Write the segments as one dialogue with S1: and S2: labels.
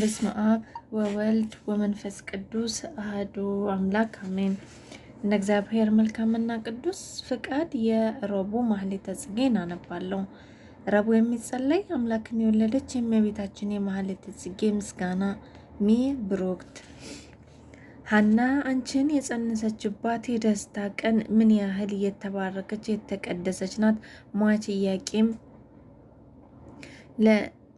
S1: በስመ አብ ወወልድ ወመንፈስ ቅዱስ አህዱ አምላክ አሜን። እንደ እግዚአብሔር መልካምና ቅዱስ ፍቃድ የረቡዕ ማህሌተ ጽጌን አነባለሁ። ረቡዕ የሚጸለይ አምላክን የወለደች የእመቤታችን የማህሌተ ጽጌ ምስጋና። ሚ ብሩክት ሐና አንቺን የጸነሰችባት የደስታ ቀን ምን ያህል እየተባረከች የተቀደሰች ናት! ሟች ኢያቄም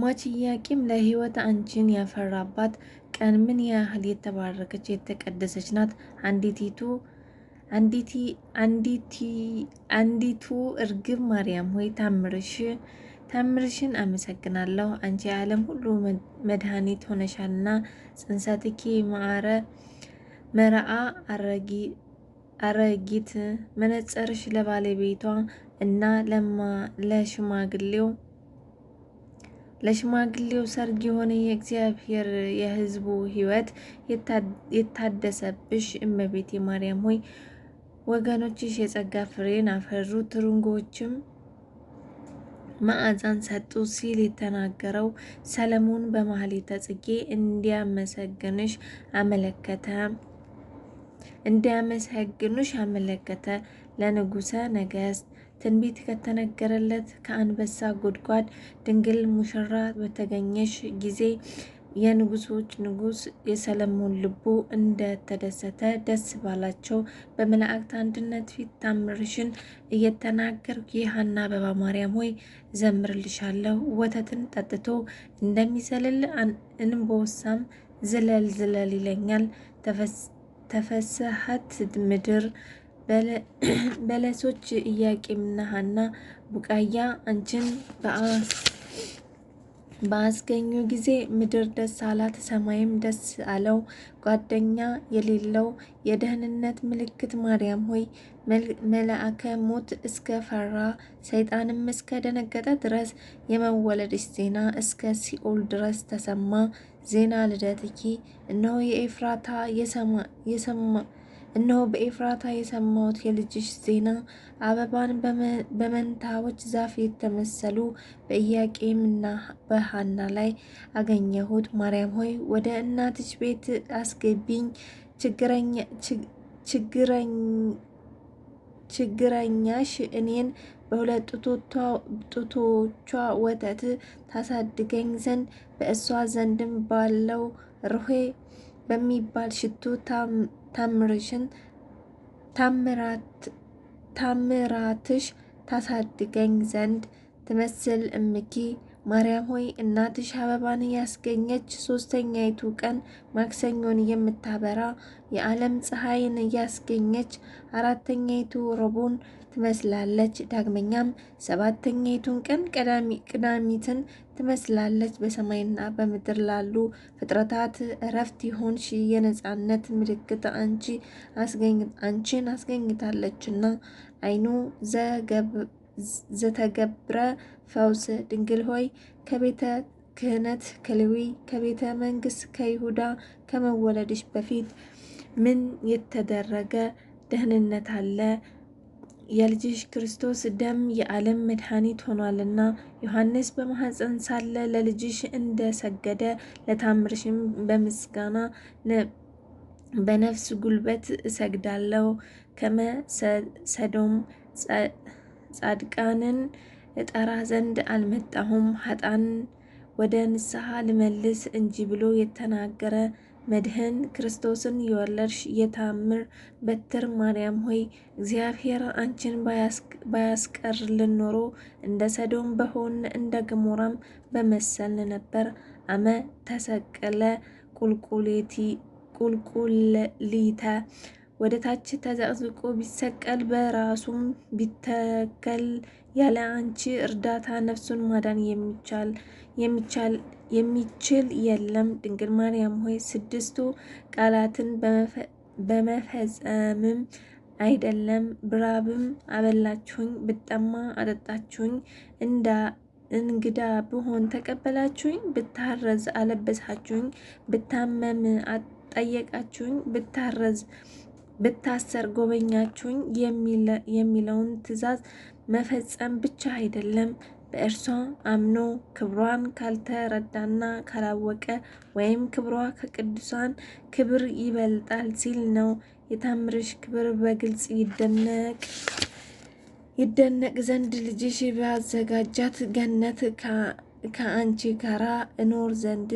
S1: ማችያቂም ለሕይወት አንቺን ያፈራባት ቀን ምን ያህል የተባረከች የተቀደሰች ናት! አንዲቱ እርግብ ማርያም ሆይ ታምርሽን አመሰግናለሁ። አንቺ የዓለም ሁሉ መድኃኒት ሆነሻልና፣ ጽንሰትኪ መርአ አረጊት፣ መነጽርሽ ለባለቤቷ እና ለሽማግሌው ለሽማግሌው ሰርግ የሆነ የእግዚአብሔር የሕዝቡ ሕይወት የታደሰብሽ እመቤቴ ማርያም ሆይ ወገኖችሽ የጸጋ ፍሬን አፈሩ፣ ትሩንጎችም መዓዛን ሰጡ ሲል የተናገረው ሰለሞን በማህሌተ ጽጌ እንዲያመሰግንሽ አመለከተ እንዲያመሰግኑሽ አመለከተ ለንጉሰ ነገስት ትንቢት ከተነገረለት ከአንበሳ ጉድጓድ ድንግል ሙሽራ በተገኘሽ ጊዜ የንጉሶች ንጉስ የሰለሞን ልቡ እንደተደሰተ ደስ ባላቸው በመላእክት አንድነት ፊት ታምርሽን እየተናገርኩ የሐና አበባ ማርያም ሆይ ዘምርልሻለሁ። ወተትን ጠጥቶ እንደሚዘልል እንቦሳም ዝለል ዝለል ይለኛል። ተፈስሐት ምድር በለሶች ኢያቄምና ሐና ቡቃያ አንቺን በአስገኙ ጊዜ ምድር ደስ አላት፣ ሰማይም ደስ አለው። ጓደኛ የሌለው የደህንነት ምልክት ማርያም ሆይ መልአከ ሞት እስከ ፈራ ሰይጣንም እስከ ደነገጠ ድረስ የመወለድሽ ዜና እስከ ሲኦል ድረስ ተሰማ። ዜና ልደትኪ እነሆ የኤፍራታ እነሆ በኤፍራታ የሰማሁት የልጅሽ ዜና አበባን በመንታዎች ዛፍ የተመሰሉ በኢያቄምና በሃና ላይ አገኘሁት። ማርያም ሆይ ወደ እናትሽ ቤት አስገቢኝ፣ ችግረኛሽ እኔን በሁለት ጡቶቿ ወተት ታሳድገኝ ዘንድ በእሷ ዘንድም ባለው ርሄ በሚባል ሽቱ ታምርሽን ታምራትሽ ታሳድገኝ ዘንድ ትመስል እምኪ ማርያም ሆይ እናትሽ አበባን ያስገኘች ሶስተኛይቱ ቀን ማክሰኞን የምታበራ የዓለም ፀሐይን እያስገኘች አራተኛይቱ ረቡን ትመስላለች። ዳግመኛም ሰባተኛይቱን ቀን ቅዳሚትን ትመስላለች። በሰማይና በምድር ላሉ ፍጥረታት እረፍት ሺ የነጻነት ምልክት አንቺ አንቺን አስገኝታለችና አይኑ ዘተገብረ ፈውስ ድንግል ሆይ ከቤተ ክህነት ከሌዊ ከቤተ መንግስት ከይሁዳ ከመወለድሽ በፊት ምን የተደረገ ደህንነት አለ? የልጅሽ ክርስቶስ ደም የዓለም መድኃኒት ሆኗልና ዮሐንስ በማኅፀን ሳለ ለልጅሽ እንደ ሰገደ ለታምርሽም በምስጋና በነፍስ ጉልበት እሰግዳለሁ። ከመ ሰዶም ጻድቃንን እጠራ ዘንድ አልመጣሁም፣ ሀጣን ወደ ንስሐ ልመልስ እንጂ ብሎ የተናገረ መድህን ክርስቶስን የወለድሽ የታምር በትር ማርያም ሆይ እግዚአብሔር አንቺን ባያስቀር ልኖሮ እንደ ሰዶም በሆን እንደ ገሞራም በመሰልን ነበር። አመ ተሰቀለ ቁልቁሊተ ወደ ታች ተዘቅዝቆ ቢሰቀል በራሱም ቢተከል ያለ አንቺ እርዳታ ነፍሱን ማዳን የሚቻል የሚችል የለም። ድንግል ማርያም ሆይ ስድስቱ ቃላትን በመፈጸምም አይደለም ብራብም አበላችሁኝ፣ ብጠማ አጠጣችሁኝ፣ እንዳ እንግዳ ብሆን ተቀበላችሁኝ፣ ብታረዝ አለበሳችሁኝ፣ ብታመም አጠየቃችሁኝ፣ ብታረዝ ብታሰር ጎበኛችሁኝ የሚለውን ትእዛዝ መፈጸም ብቻ አይደለም በእርሷ አምኖ ክብሯን ካልተረዳና ካላወቀ ወይም ክብሯ ከቅዱሳን ክብር ይበልጣል ሲል ነው። የታምርሽ ክብር በግልጽ ይደነቅ ይደነቅ ዘንድ ልጅሽ ባዘጋጃት ገነት ከአንቺ ጋራ እኖር ዘንድ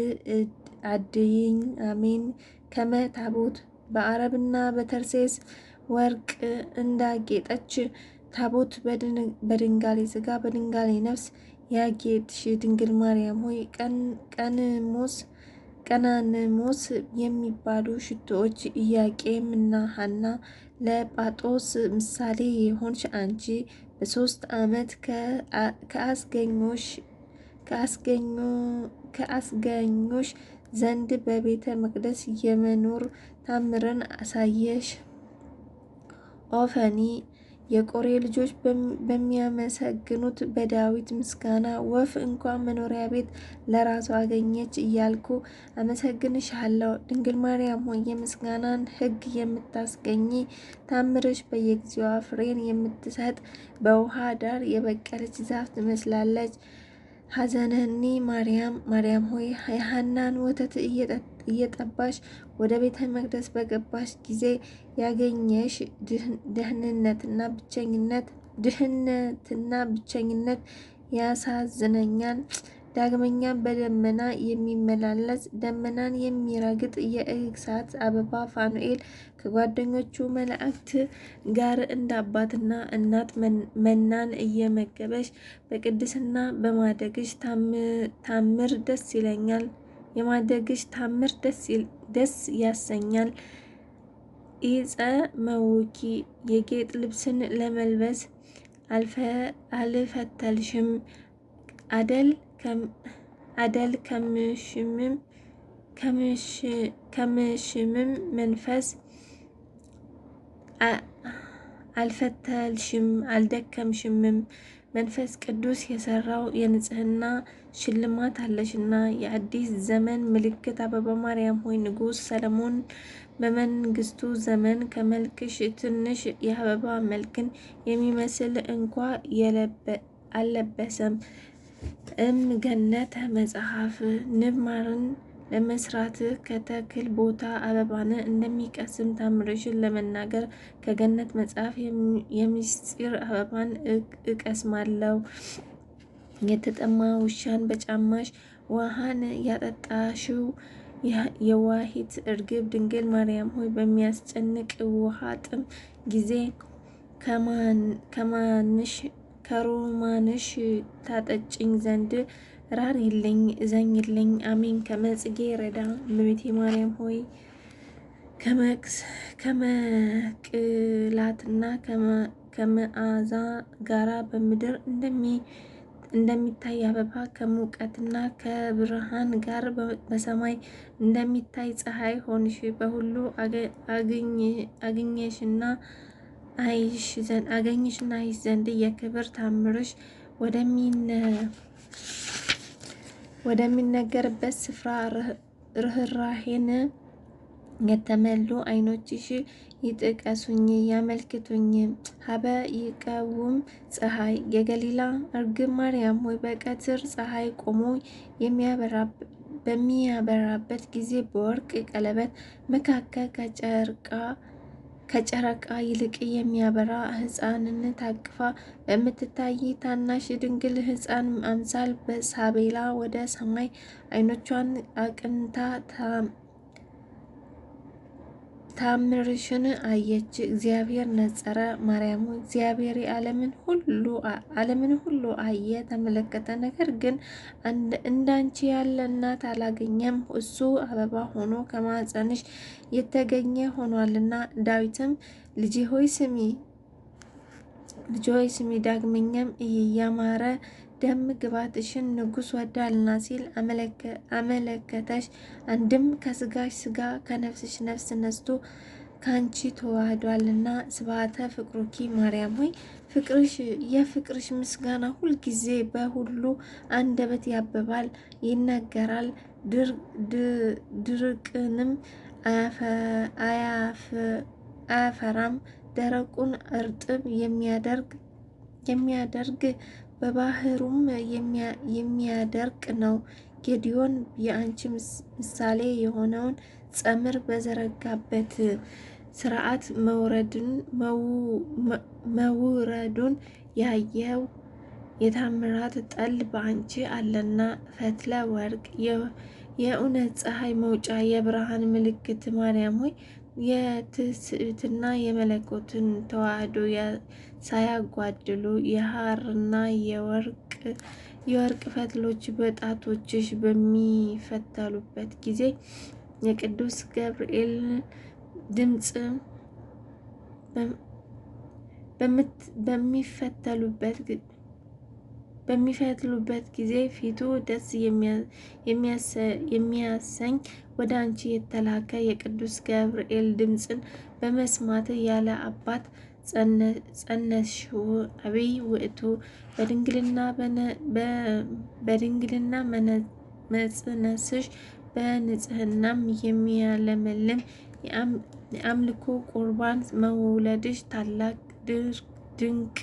S1: አድይኝ። አሜን። ከመ ታቦት በአረብና በተርሴስ ወርቅ እንዳጌጠች ታቦት በድንጋሌ ስጋ በድንጋሌ ነፍስ ያጌጥሽ ድንግል ማርያም ሆይ ቀንሞስ ቀናንሞስ የሚባሉ ሽቶዎች ኢያቄም እና ሐና ለጳጦስ ምሳሌ የሆንሽ አንቺ በሶስት ዓመት ከአስገኞሽ ዘንድ በቤተ መቅደስ የመኖር ታምርን አሳየሽ። ኦፈኒ የቆሬ ልጆች በሚያመሰግኑት በዳዊት ምስጋና ወፍ እንኳን መኖሪያ ቤት ለራሷ አገኘች እያልኩ አመሰግንሻለሁ። ድንግል ማርያም ሆይ የምስጋናን ሕግ የምታስገኝ ታምርሽ በየጊዜዋ ፍሬን የምትሰጥ በውሃ ዳር የበቀለች ዛፍ ትመስላለች። ሀዘነኒ ማርያም ማርያም ሆይ የሐናን ወተት እየጠባሽ ወደ ቤተ መቅደስ በገባሽ ጊዜ ያገኘሽ ድህንነትና ብቸኝነት ድህነትና ብቸኝነት ያሳዝነኛል። ዳግመኛም በደመና የሚመላለስ ደመናን የሚረግጥ የእሳት አበባ ፋኑኤል ከጓደኞቹ መላእክት ጋር እንደ አባትና እናት መናን እየመገበሽ በቅድስና በማደግሽ ታምር ደስ ይለኛል። የማደግሽ ታምር ደስ ያሰኛል። ኢፀ መውኪ የጌጥ ልብስን ለመልበስ አልፈተልሽም አደል አደል ከምሽምም መንፈስ አልፈተልሽም አልደከምሽምም መንፈስ ቅዱስ የሰራው የንጽህና ሽልማት አለሽና የአዲስ ዘመን ምልክት አበባ ማርያም ሆይ ንጉሥ ሰለሞን በመንግስቱ ዘመን ከመልክሽ ትንሽ የአበባ መልክን የሚመስል እንኳ አልለበሰም። ገነተ መጽሐፍ ንብ ማርን ለመስራት ከተክል ቦታ አበባን እንደሚቀስም ታምርሽን ለመናገር ከገነት መጽሐፍ የሚስጢር አበባን እቀስማለሁ። የተጠማ ውሻን በጫማሽ ውሃን ያጠጣሽው የዋሂት እርግብ ድንግል ማርያም ሆይ በሚያስጨንቅ ውሃ ጥም ጊዜ ከማንሽ ከሮማንሽ ታጠጭኝ ዘንድ ራር ራሪልኝ ይልኝ አሜን ከመጽጌ ረዳ እመቤቴ ማርያም ሆይ ከመቅላትና ከመዓዛ ጋራ በምድር እንደሚታይ አበባ ከሙቀትና ከብርሃን ጋር በሰማይ እንደሚታይ ፀሐይ ሆንሽ በሁሉ አግኘሽና ። አይሽ ዘንድ አገኝሽና አይሽ ዘንድ የክብር ታምርሽ ወደሚነገርበት ስፍራ ርህራሄን የተመሉ አይኖችሽ ይጥቀሱኝ ያመልክቱኝ። ሀበ ይቀውም ፀሐይ የገሊላ እርግብ ማርያም ሆይ በቀትር ፀሐይ ቆሞ በሚያበራበት ጊዜ በወርቅ ቀለበት መካከል ከጨርቃ ከጨረቃ ይልቅ የሚያበራ ሕፃንነት አቅፋ በምትታይ ታናሽ ድንግል ሕፃን አምሳል በሳቤላ ወደ ሰማይ አይኖቿን አቅንታ ታምርሽን አየች። እግዚአብሔር ነጸረ ማርያሙ እግዚአብሔር ዓለምን ሁሉ ዓለምን ሁሉ አየ ተመለከተ። ነገር ግን እንዳንቺ ያለ እናት አላገኘም። እሱ አበባ ሆኖ ከማኅፀንሽ የተገኘ ሆኗልና። ዳዊትም ልጅ ሆይ ስሚ፣ ዳግመኛም እያማረ ደም ግባትሽን ንጉስ ወዳልና ሲል አመለከተሽ። አንድም ከስጋሽ ስጋ ከነፍስሽ ነፍስ ነስቶ ከአንቺ ተዋህዷልና። ስብሐተ ፍቅሩኪ ማርያም ሆይ ፍቅርሽ የፍቅርሽ ምስጋና ሁልጊዜ በሁሉ አንደበት ያብባል ይነገራል፣ ድርቅንም አያፈራም። ደረቁን እርጥብ የሚያደርግ በባህሩም የሚያደርቅ ነው። ጌዲዮን የአንቺ ምሳሌ የሆነውን ጸምር በዘረጋበት ስርዓት መውረዱን ያየው የታምራት ጠል በአንቺ አለና ፈትለ ወርቅ የእውነት ፀሐይ መውጫ የብርሃን ምልክት ማርያም ሆይ የትስዕትና የመለኮትን ተዋህዶ ሳያጓድሉ የሐርና የወርቅ ፈትሎች በጣቶችሽ በሚፈተሉበት ጊዜ የቅዱስ ገብርኤል ድምፅ በሚፈተሉበት በሚፈትሉበት ጊዜ ፊቱ ደስ የሚያሰኝ ወደ አንቺ የተላከ የቅዱስ ገብርኤል ድምፅን በመስማት ያለ አባት ጸነሽው አብይ ውእቱ በድንግልና መጽነስሽ በንጽህናም የሚያለመልም የአምልኮ ቁርባን መውለድሽ ታላቅ ድንቅ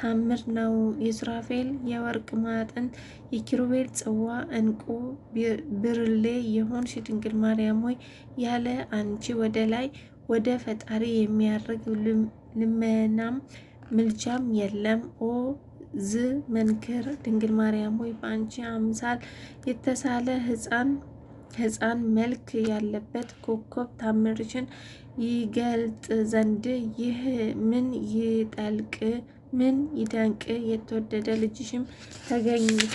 S1: ታምር ነው። የሱራፌል የወርቅ ማጥን የኪሩቤል ጽዋ፣ እንቁ ብርሌ የሆንሽ ድንግል ማርያም ሆይ ያለ አንቺ ወደ ላይ ወደ ፈጣሪ የሚያርግ ልመናም ምልጃም የለም። ኦ ዝ መንክር ድንግል ማርያም ሆይ በአንቺ አምሳል የተሳለ ሕፃን ህፃን መልክ ያለበት ኮከብ ታምርሽን ይገልጥ ዘንድ ይህ ምን ይጠልቅ ምን ይደንቅ የተወደደ ልጅሽም ተገኝቶ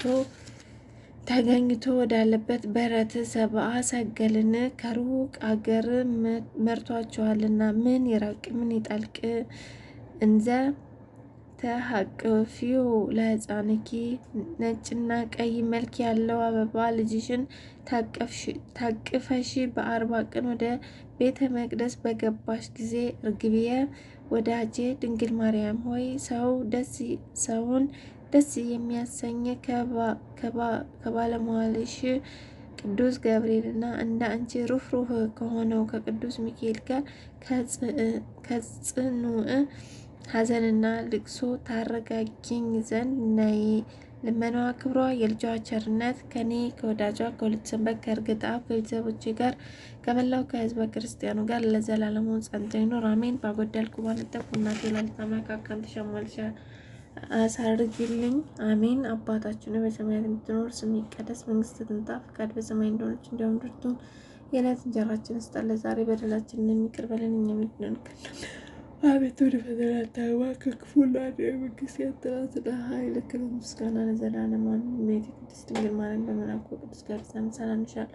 S1: ተገኝቶ ወዳለበት በረት ሰብአ ሰገልን ከሩቅ አገር መርቷችኋልና ምን ይራቅ ምን ይጠልቅ እንዘ ተሐቅፊው ለሕፃንኪ ነጭና ቀይ መልክ ያለው አበባ ልጅሽን ታቅፈሽ በአርባ ቀን ወደ ቤተ መቅደስ በገባሽ ጊዜ እርግብየ ወዳጄ ድንግል ማርያም ሆይ ሰው ደስ ሰውን ደስ የሚያሰኝ ከባለመዋልሽ ቅዱስ ገብርኤልና እንደ አንቺ ሩህ ከሆነው ከቅዱስ ሚካኤል ጋር ከጽኑዕ ሐዘንና ልቅሶ ታረጋጊኝ ዘንድ ነይ። ልመናዋ፣ ክብሯ፣ የልጇ ቸርነት ከኔ ከወዳጇ ከሁለት ሰንበት ከእርግጥ አብ ከቤተሰቦቼ ጋር ከመላው ከህዝበ ክርስቲያኑ ጋር ለዘላለሙ ጸንቶ ይኑር አሜን። ባጎደልኩ ባልጠፉ እናቴ ላልተመካከም ተሸማልሻ አሳርግልኝ አሜን። አባታችን በሰማያት የምትኖር ስም ይቀደስ፣ መንግስት ትምጣ፣ ፍቃድ በሰማይ እንደሆነች እንዲሁም ድርቱን የዕለት እንጀራችን ስጠን ዛሬ፣ በደላችንን ይቅር በለን እኛም የምንድን አቤት ወደ ፈተና አታግባን ከክፉና አደግ መንግስት ያንተ ኃይል፣ ክብር፣ ምስጋና ለዘላለም አሜን። ቅድስት ድንግል ማርያም በመልአኩ ቅዱስ ገብርኤል ሰላም ይሻል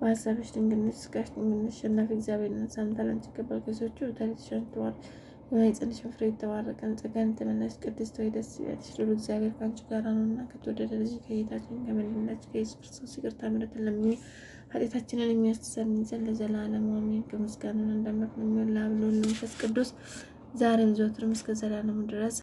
S1: በሀሳብሽ ድንግል ነሽ፣ ሥጋሽ ድንግል ነሽ። አሸናፊ እግዚአብሔር ሰላምታ አንቺ ይገባል። ከሰዎች ተለይተሻል፣ የማኅፀንሽ ፍሬ የተባረከ ነው። ጸጋን የተመላሽ ቅድስት ሆይ ደስ ይበልሽ፣ ሉል እግዚአብሔር ከአንቺ ጋር ነውና ከተወደደ ልጅ ከጌታችን ከመድኃኒታችን ከኢየሱስ ክርስቶስ ይቅርታ ምሕረትን ለምኚ ኃጢአታችንን የሚያስተሰርይልን ዘንድ ለዘላለም አሜን። ከምስጋና እንደምንም ለአብ ለወልድ ለመንፈስ ቅዱስ ዛሬም ዘወትርም እስከ ዘላለም ድረስ